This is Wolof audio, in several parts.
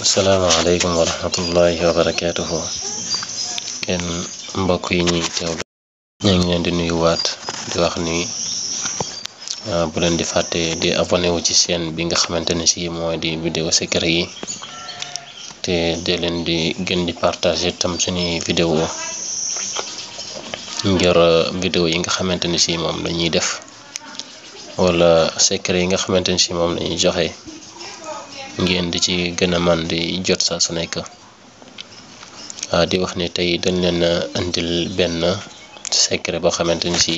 asalaamaaleykum wa rahmatullahi wa kenn mbokk yi ñuy teewlu ñu ngi leen di nuyu waat di wax ni ah, bu leen di fàtte di abonné ci seen bi nga xamante ne si mooy di vidéo secret yi te de di gën di partager tam suñuy ah, yi nga xamante ne si moom lañuy def wala secret yi nga xamante ne si moom lañuy joxe. ngeen di ci gën a man di jot saa su nekk ah, di wax ni tey dañ leen indil benn secret boo xamante ni si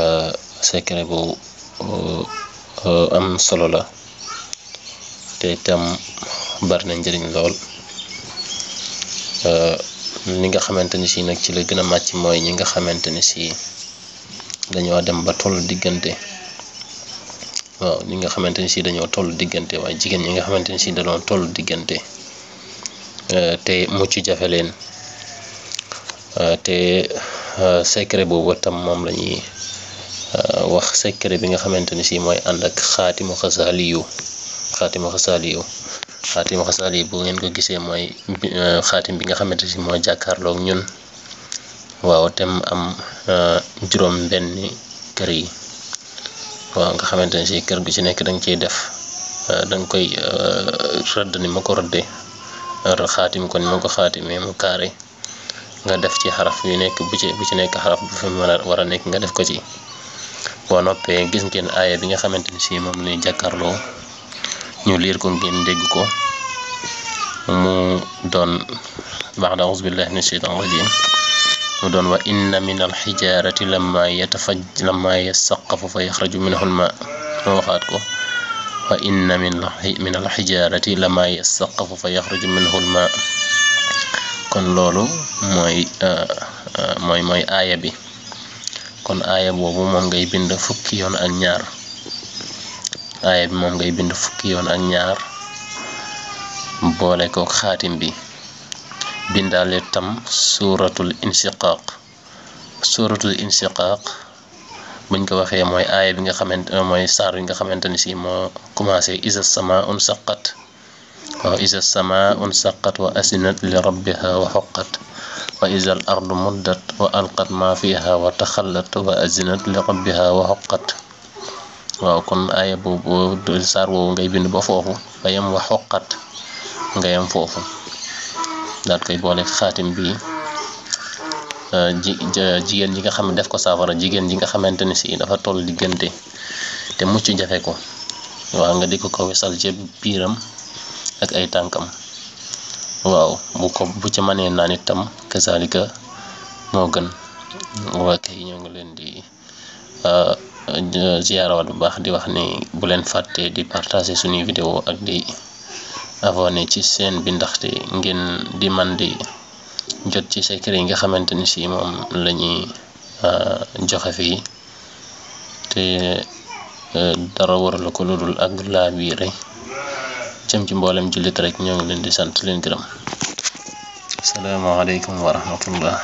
ah, secret bu ah, am solo la te itam bari na njëriñ lool li nga xamante ni si nag ci la gën a màcc mooy ñi nga xamante ni si dañoo dem ba toll diggante. waaw ñi nga xamante ni si dañoo toll diggante waaye jigéen ñi nga xamante ni si dañoo toll diggante euh, te mucc jafe leen euh, te euh, secret boobu tam moom lañuy ñuy wax secret bi nga xamante ni si mooy ànd ak xaatimu xasaali yu xaatimu xasaali yu xaatimu xasaali ngeen ko gisee mooy xaatim bi nga xamante si mooy jàkkaarlook ñun waaw tem am juróom benn kër yi waaw nga xamante ne si kër gu ci nekk danga nga def euh, da nga koy euh, rëdd ni ma ko rëddee xaatim ko ni ma ko xaatimee mu carré nga def ci xaraf yu nekk bu ci bu ci nekk xaraf bu fi mën a war a nekk nga def ko ci boo noppee gis ngeen aaya bi nga xamante ne si moom lay jàkkaarloo ñu liir ko ngeen dégg ko mu doon ba'da a'uuzu billahi mina shaytaani rajiim mu doon wa inna min alxijaarati lamma yatafaj lamma yasaqafu fa yaxraju minhu lma mu waxaat ko wa inna min min alxijaarati lamma fa yaxraju minhu kon loolu mooy ah, ah, mooy kon aaya boobu moom ngay bind fukki yoon ak ñaar aaya ngay bind fukki yoon ak ñaar boole ko xaatim bi bindaale tam suuratul insiqaaq bañ ko waxee mooy aaya bi nga xamante mooy saar yi nga xamante ni si moo commencé isa sama un saqat waaw isa sama un saqat wa asinat li rabbiha wa xoqat wa waaw kon aaya boobu saar woowu ngay bind ba foofu nga yem wa xoqat nga yem foofu daal koy boole xaatim bii euh, ji jigéen ji nga xam ne def ko saafara jigéen ji nga xamante ni si dafa toll diggante te mucc jafe ko waaw nga di ko ko wesal ci biiram ak ay tànkam waaw bu ko bu ci mënee naan itam kasaalika moo gën waa kay ñoo ngi leen di euh, ziyaarawaat bu baax di wax ni bu leen fàtte di partager suñuy vidéo ak di abonné ci seen bi ndaxte ngeen di man di jot ci secret yi nga xamante ni si moom lañuy ñuy euh, joxe fii te euh, dara waral ko lu dul ak laa biire jëm ci mboolem jullit rek ñoo ngi leen di sant leen gërëm asalaamaaleykum wa rahmatullah